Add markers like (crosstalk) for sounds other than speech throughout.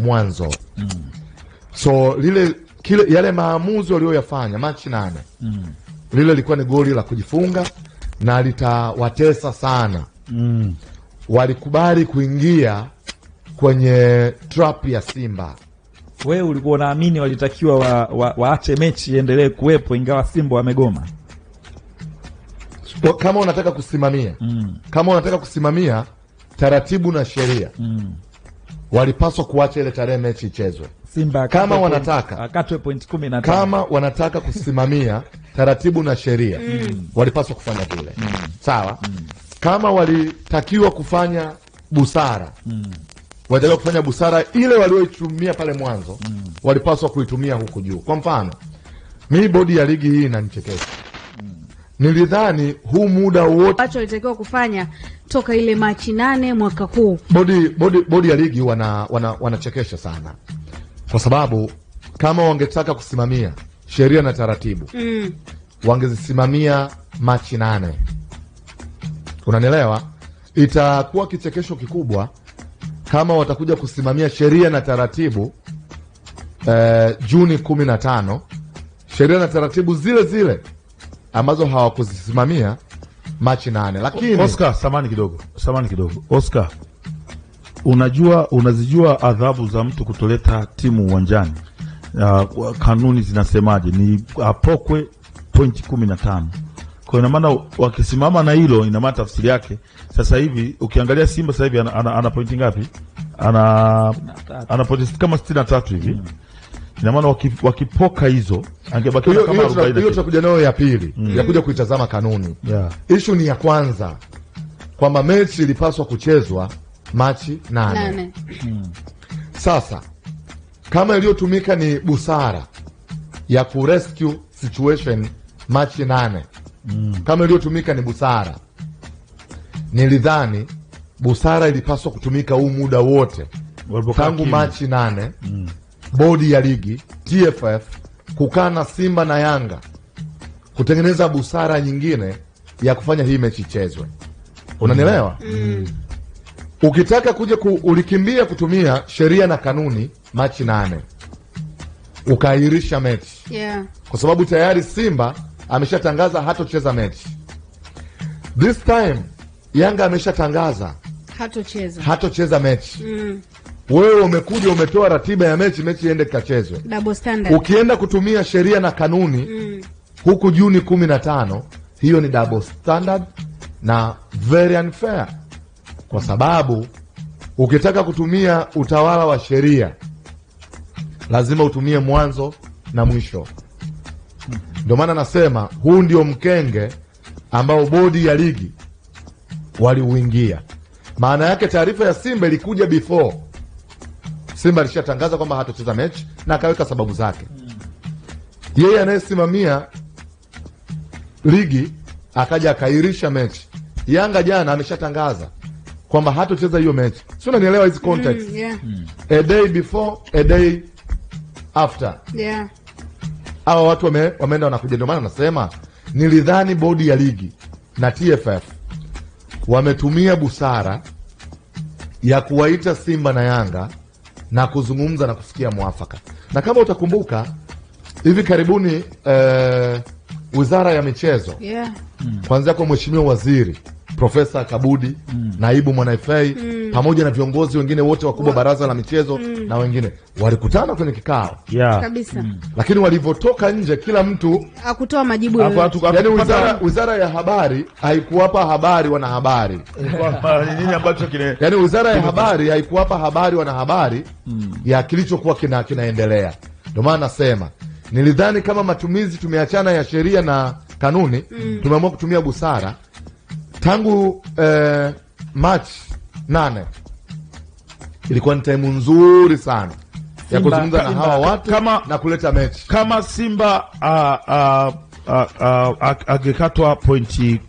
mwanzo mm. So lile kile, yale maamuzi waliyoyafanya Machi nane mm. lile lilikuwa ni goli la kujifunga na litawatesa sana mm. walikubali kuingia kwenye trap ya Simba. we ulikuwa unaamini walitakiwa wa, wa, waache mechi iendelee kuwepo ingawa Simba wamegoma? Kama unataka kusimamia mm. kama unataka kusimamia taratibu na sheria mm walipaswa kuacha ile tarehe mechi ichezwe. Simba kama wanataka point, kama wanataka kusimamia taratibu na sheria mm. walipaswa kufanya vile mm. sawa mm. kama walitakiwa kufanya busara mm. walitakiwa kufanya busara ile walioitumia pale mwanzo mm. walipaswa kuitumia huku juu. Kwa mfano, mi bodi ya ligi hii inanichekesha Nilidhani huu muda wote ambacho alitakiwa kufanya toka ile Machi nane mwaka huu. Bodi, bodi, bodi ya ligi wana, wana, wanachekesha sana kwa sababu kama wangetaka kusimamia sheria na taratibu mm, wangezisimamia Machi nane, unanielewa? Itakuwa kichekesho kikubwa kama watakuja kusimamia sheria na taratibu eh, Juni kumi na tano, sheria na taratibu zile zile ambazo hawakuzisimamia Machi nane. Lakini Oscar, samani kidogo, samani kidogo Oscar, unajua unazijua adhabu za mtu kutoleta timu uwanjani uh, kanuni zinasemaje? Ni apokwe pointi kumi na tano. Kwa ina maana wakisimama na hilo, ina maana tafsiri yake sasa hivi ukiangalia Simba sasa hivi ana, ana, ana pointi ngapi? Ana, ana pointi kama sitini na tatu hivi hmm. Ina maana wakipoka hizo angebakia kama 40. Hiyo tutakuja nayo ya pili mm. ya kuja kuitazama kanuni yeah. Issue ni ya kwanza kwamba mechi ilipaswa kuchezwa Machi nane mm. Sasa kama iliyotumika ni busara ya ku rescue situation Machi nane mm. kama iliyotumika ni busara, nilidhani busara ilipaswa kutumika huu muda wote tangu Machi nane mm bodi ya ligi TFF kukaa na Simba na Yanga kutengeneza busara nyingine ya kufanya hii mechi ichezwe. Unanielewa? mm. mm. Ukitaka kuja ku, ulikimbia kutumia sheria na kanuni Machi nane ukaahirisha mechi yeah. Kwa sababu tayari Simba ameshatangaza hatocheza mechi this time, Yanga ameshatangaza hatocheza hatocheza mechi mm. Wewe umekuja umepewa ratiba ya mechi, mechi iende kachezwe. Ukienda kutumia sheria na kanuni mm. huku Juni kumi na tano, hiyo ni double standard na very unfair, kwa sababu ukitaka kutumia utawala wa sheria lazima utumie mwanzo na mwisho. Ndio maana nasema huu ndio mkenge ambao bodi ya ligi waliuingia. Maana yake taarifa ya Simba ilikuja before Simba alishatangaza kwamba hatocheza mechi na akaweka sababu zake. Yeye anayesimamia ligi akaja akairisha mechi. Yanga jana ameshatangaza kwamba hatocheza hiyo mechi, si unanielewa? Hizi context mm, yeah. a day before a day after yeah. Hawa watu wame, wameenda wanakuja, ndio maana nasema nilidhani bodi ya ligi na TFF wametumia busara ya kuwaita Simba na Yanga na kuzungumza na kufikia mwafaka. Na kama utakumbuka hivi karibuni eh, Wizara ya Michezo yeah. Kuanzia kwa Mheshimiwa Waziri Profesa Kabudi mm. Naibu Mwanaifei mm. Mm. pamoja na viongozi wengine wote wakubwa baraza la michezo mm. na wengine walikutana kwenye kikao yeah. kabisa mm. lakini walivyotoka nje kila mtu akutoa majibu yoyote. Yani wizara, wizara ya habari haikuwapa habari wanahabari yani wizara ya habari haikuwapa habari wanahabari mm. ya kilichokuwa kina, kinaendelea. Ndio maana nasema nilidhani kama matumizi tumeachana ya sheria na kanuni mm. tumeamua kutumia busara tangu eh, Machi nane. Ilikuwa ni taimu nzuri sana ya kuzungumza na hawa watu kama, na kuleta mechi kama Simba angekatwa pointi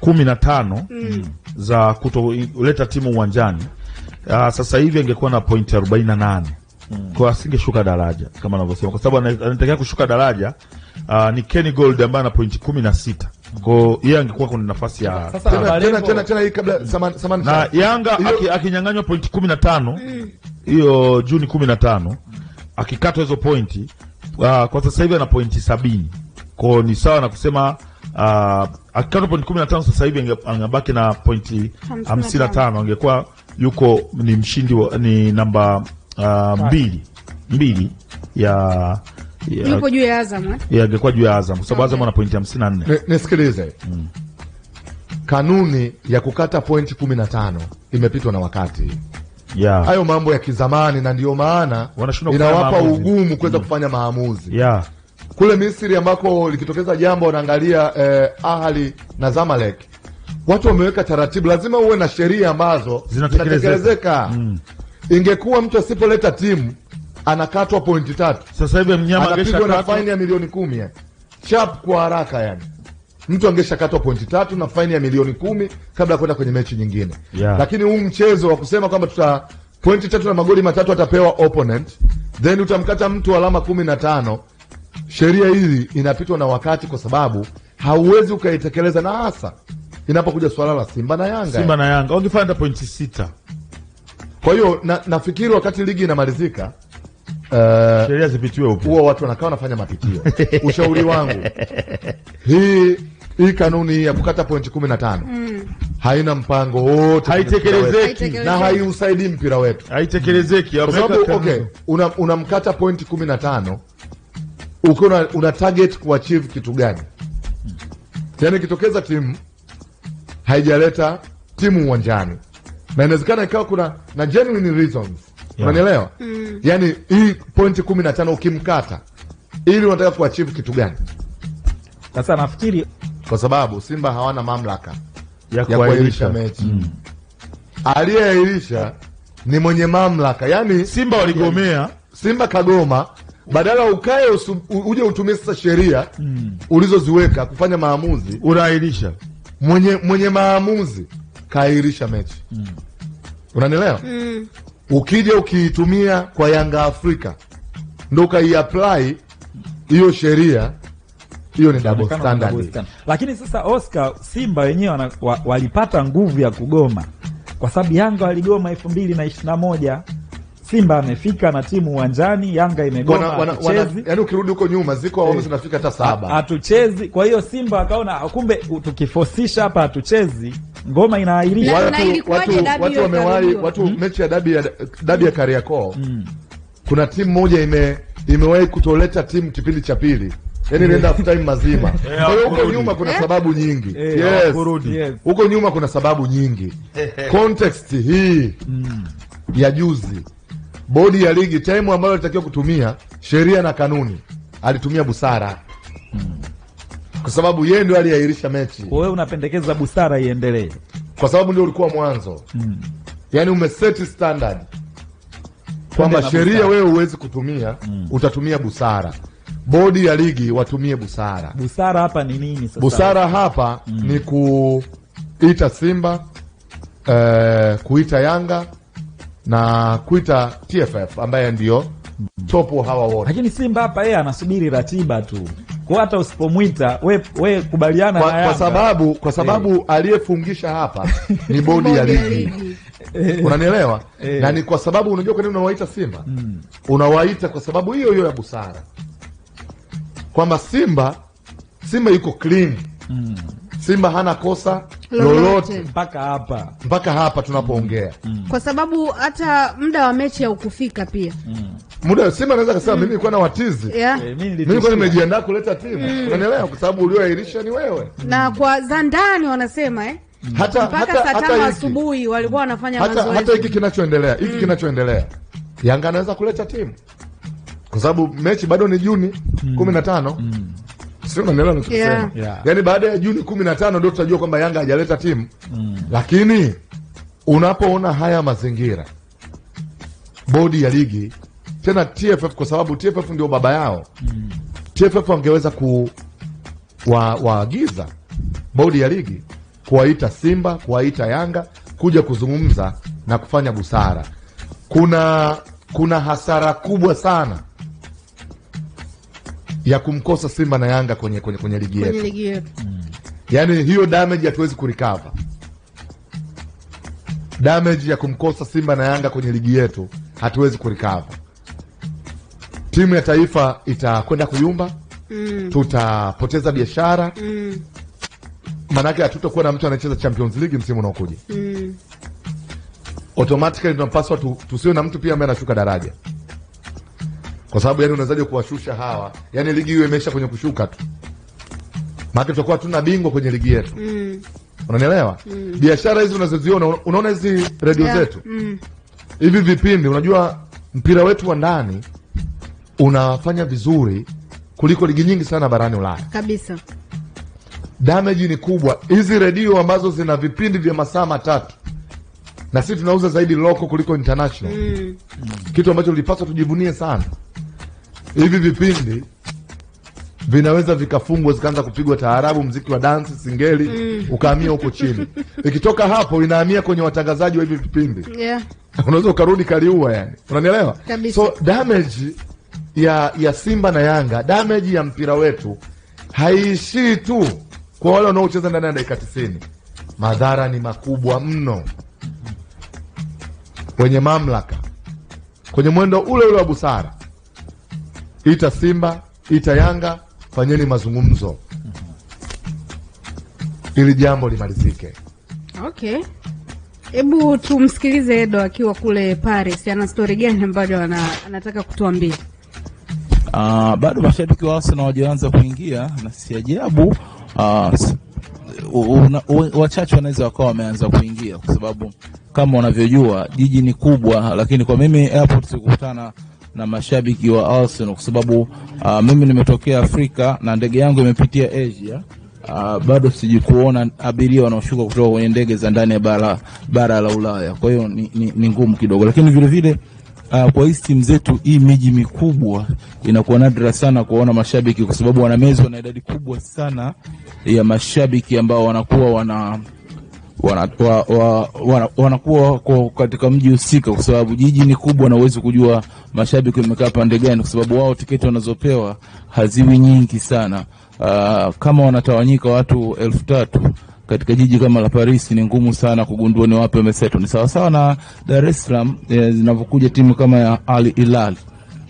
kumi na tano mm. za kutoleta timu uwanjani Uh, sasa hivi angekuwa na pointi arobaini na nane mm. kwa asingeshuka daraja kama anavyosema, kwa sababu anatakiwa kushuka daraja uh, ni Kenny Gold ambaye ana pointi kumi na sita kwa yeye angekuwa kuna nafasi ya tena tena tena tena hii kabla samani samani na Yanga akinyang'anywa pointi 15 hiyo Juni 15 akikatwa hizo pointi uh, kwa sasa hivi ana pointi sabini kwao ni sawa na kusema uh, akikatwa pointi kumi na tano sasa hivi angebaki na pointi hamsini na tano angekuwa yuko ni mshindi wa, ni namba uh, mbili mbili ya yupo juu ya Azam eh? Yeah, angekuwa juu ya Azam kwa sababu Azam ana pointi 54. Nisikilize. Mm. Kanuni ya kukata pointi 15 imepitwa na wakati. Yeah. Hayo mambo ya kizamani na ndio maana inawapa ugumu kuweza mm. kufanya maamuzi. Yeah. Kule Misri ambako likitokeza jambo wanaangalia eh, Ahli na Zamalek. Watu wameweka taratibu, lazima uwe na sheria ambazo zinatekelezeka. Mm. Ingekuwa mtu asipoleta timu anakatwa pointi tatu. Sasa hivi mnyama angeshakatwa na faini ya milioni kumi yani. Eh. Chap kwa haraka yani. Mtu angeshakatwa pointi tatu na faini ya milioni kumi kabla ya kwenda kwenye mechi nyingine. Yeah. Lakini huu mchezo wa kusema kwamba tuta pointi tatu na magoli matatu atapewa opponent, then utamkata mtu alama kumi na tano. Sheria hii inapitwa na wakati kwa sababu hauwezi ukaitekeleza na hasa inapokuja swala la Simba na Yanga. Simba na Yanga wangefanya pointi sita. Kwa hiyo na, nafikiri wakati ligi inamalizika uh, sheria zipitiwe upya. Huwa watu wanakaa wanafanya mapitio (laughs) ushauri wangu hii hii kanuni ya kukata pointi kumi na tano mm. haina mpango wote, haitekelezeki na haiusaidii mpira wetu, haitekelezeki kwa sababu okay, unamkata una pointi kumi na tano ukiwa una, una target kuachieve kitu gani? Yani ikitokeza timu haijaleta timu uwanjani na inawezekana ikawa kuna na genuine reasons Unanielewa? Mm. Yaani hii pointi kumi na tano ukimkata ili unataka kuachieve kitu gani? Sasa nafikiri kwa sababu Simba hawana mamlaka ya kuahirisha mechi. Mm. Aliyeahirisha ni mwenye mamlaka. Yaani Simba waligomea, Simba kagoma badala ukae uje utumie sasa sheria mm. ulizoziweka kufanya maamuzi, unaahirisha. Mwenye mwenye maamuzi kaahirisha mechi mm. Unanielewa? mm ukija ukiitumia kwa Yanga Afrika ndo ukaiapply hiyo sheria hiyo ni double standard. Lakini sasa, Oscar, Simba wenyewe wa, walipata nguvu ya kugoma kwa sababu Yanga waligoma elfu mbili na ishirini na moja. Simba amefika na timu uwanjani, Yanga imegoma, hatuchezi. Yani ukirudi huko nyuma ziko awamu eh. zinafika hata saba, hatuchezi. Kwa hiyo Simba akaona kumbe tukifosisha hapa hatuchezi ngoma inaahirisha Watu watu, wamewahi watu mm. mechi ya dabi ya dabi ya hmm. Kariakoo, hmm. kuna timu moja ime imewahi kutoleta timu kipindi cha pili yani inaenda half time mazima. (laughs) Eh, Kwa hiyo huko nyuma kuna eh? sababu nyingi, eh, yes, huko nyuma kuna sababu nyingi. (laughs) Context hii hmm. ya juzi, bodi ya ligi time ambayo alitakiwa kutumia sheria na kanuni, alitumia busara kwa sababu yeye ndio aliahirisha mechi. Wewe unapendekeza busara iendelee, kwa sababu ndio ulikuwa mwanzo mm. Yani umeseti standard kwamba sheria wewe huwezi kutumia mm. Utatumia busara. Bodi ya ligi watumie busara. Busara hapa ni nini sasa? Busara hapa mm. ni kuita Simba eh, kuita Yanga na kuita TFF ambaye ndio hmm. topo hawa wote, lakini Simba hapa yeye anasubiri ratiba tu kwa hata usipomwita we, we kubaliana kwa, na Yanga kwa sababu, kwa eh. sababu hey. Aliyefungisha hapa ni (laughs) bodi ya ligi eh. unanielewa hey. Eh. Na ni kwa sababu unajua kwa nini unawaita Simba hmm. Unawaita kwa sababu hiyo hiyo ya busara kwamba Simba Simba yuko clean hmm. Simba hana kosa lolote mpaka hapa, mpaka hapa tunapoongea hmm. Kwa sababu hata muda wa mechi haukufika pia hmm muda Simba anaweza kusema mimi nilikuwa na watizi yeah. Eh, mimi nilikuwa nimejiandaa kuleta timu mm. unanielewa, kwa sababu ulioahirisha ni wewe na kwa za ndani wanasema eh mm. hata mpaka saa tano asubuhi walikuwa wanafanya mazoezi. Hata hiki kinachoendelea hiki mm. kinachoendelea, Yanga anaweza kuleta timu kwa sababu mechi bado ni Juni mm. kumi na tano mm. sio, unanielewa nachokisema? yeah. yeah. Yani baada ya Juni kumi na tano ndio tutajua kwamba Yanga hajaleta timu mm. lakini unapoona haya mazingira, bodi ya ligi tena TFF kwa sababu TFF ndio baba yao mm. TFF wangeweza kuwaagiza wa, bodi ya ligi kuwaita Simba kuwaita Yanga kuja kuzungumza na kufanya busara. Kuna kuna hasara kubwa sana ya kumkosa Simba na Yanga kwenye, kwenye, kwenye ligi yetu, kwenye ligi yetu. Mm. Yaani hiyo damage hatuwezi kurikava. Damage ya kumkosa Simba na Yanga kwenye ligi yetu hatuwezi kurikava timu ya taifa itakwenda kuyumba mm. tutapoteza biashara mm. maanake hatutakuwa na mtu anayecheza Champions League msimu unaokuja mm. automatically tunapaswa tu, tusiwe na mtu pia ambaye anashuka daraja kwa sababu yani unawezaje kuwashusha hawa yani ligi hiyo imeisha kwenye kushuka tu maanake tutakuwa tuna bingwa kwenye ligi yetu mm. unanielewa mm. biashara hizi unazoziona unaona hizi redio yeah. zetu mm. hivi mm. vipindi unajua mpira wetu wa ndani unafanya vizuri kuliko ligi nyingi sana barani Ulaya kabisa. Damage ni kubwa. Hizi redio ambazo zina vipindi vya masaa matatu na sisi tunauza zaidi loko kuliko international mm. Kitu ambacho tulipaswa tujivunie sana. Hivi vipindi vinaweza vikafungwa zikaanza kupigwa taarabu, mziki wa dansi, singeli mm. ukahamia huko chini (laughs) ikitoka hapo inahamia kwenye watangazaji wa hivi vipindi yeah. Unaweza ukarudi kaliua, yani unanielewa? So damage ya ya Simba na Yanga, damage ya mpira wetu haiishii tu kwa wale wanaocheza ndani ya dakika tisini. Madhara ni makubwa mno wenye mamlaka kwenye mwendo ule ule wa busara, ita Simba ita Yanga, fanyeni mazungumzo ili jambo limalizike. Okay, hebu tumsikilize Edo akiwa kule Paris, ana stori gani ambayo anataka kutuambia? uh, bado mashabiki wa Arsenal hawajaanza kuingia na si ajabu uh, wachache wanaweza wakawa wameanza kuingia kwa sababu kama unavyojua jiji ni kubwa, lakini kwa mimi airport sikukutana na mashabiki wa Arsenal kwa sababu uh, mimi nimetokea Afrika na ndege yangu imepitia Asia. Uh, bado sijikuona abiria wanaoshuka kutoka kwenye ndege za ndani ya bara, bara la Ulaya. Kwa hiyo ni, ni, ni ngumu kidogo, lakini vilevile Uh, kwa hizi timu zetu hii miji mikubwa inakuwa nadra sana kuwaona mashabiki, kwa sababu wanamezwa na idadi kubwa sana ya mashabiki ambao wanakuwa wana wanakuwa wa, wana, wana katika mji husika, kwa sababu jiji ni kubwa na huwezi kujua mashabiki wamekaa pande gani, kwa sababu wao tiketi wanazopewa haziwi nyingi sana. Uh, kama wanatawanyika watu elfu tatu katika jiji kama la Paris ni ngumu sana kugundua ni wapi wamesetwa. Ni sawasawa na Dar es Salaam eh, zinavyokuja timu kama ya Al Hilal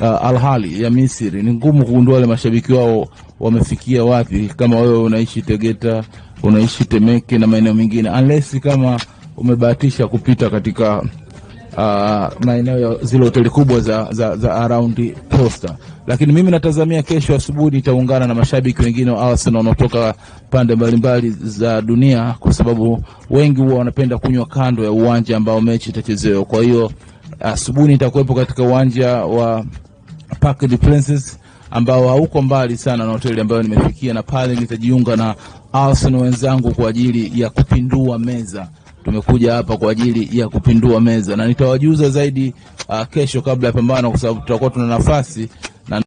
uh, Al Ahly ya Misri, ni ngumu kugundua wale mashabiki wao wamefikia wapi, kama wewe unaishi Tegeta, unaishi Temeke na maeneo mengine, unless kama umebahatisha kupita katika uh, maeneo ya zile hoteli kubwa za, za, za around Posta, lakini mimi natazamia kesho asubuhi nitaungana na mashabiki wengine wa Arsenal wanaotoka pande mbalimbali za dunia, kwa sababu wengi huwa wanapenda kunywa kando ya uwanja ambao mechi itachezewa. Kwa hiyo asubuhi nitakuwepo katika uwanja wa Parc des Princes ambao hauko mbali sana na hoteli ambayo nimefikia, na pale nitajiunga na Arsenal wenzangu kwa ajili ya kupindua meza tumekuja hapa kwa ajili ya kupindua meza na nitawajuza zaidi uh, kesho kabla ya pambano, kwa sababu tutakuwa tuna nafasi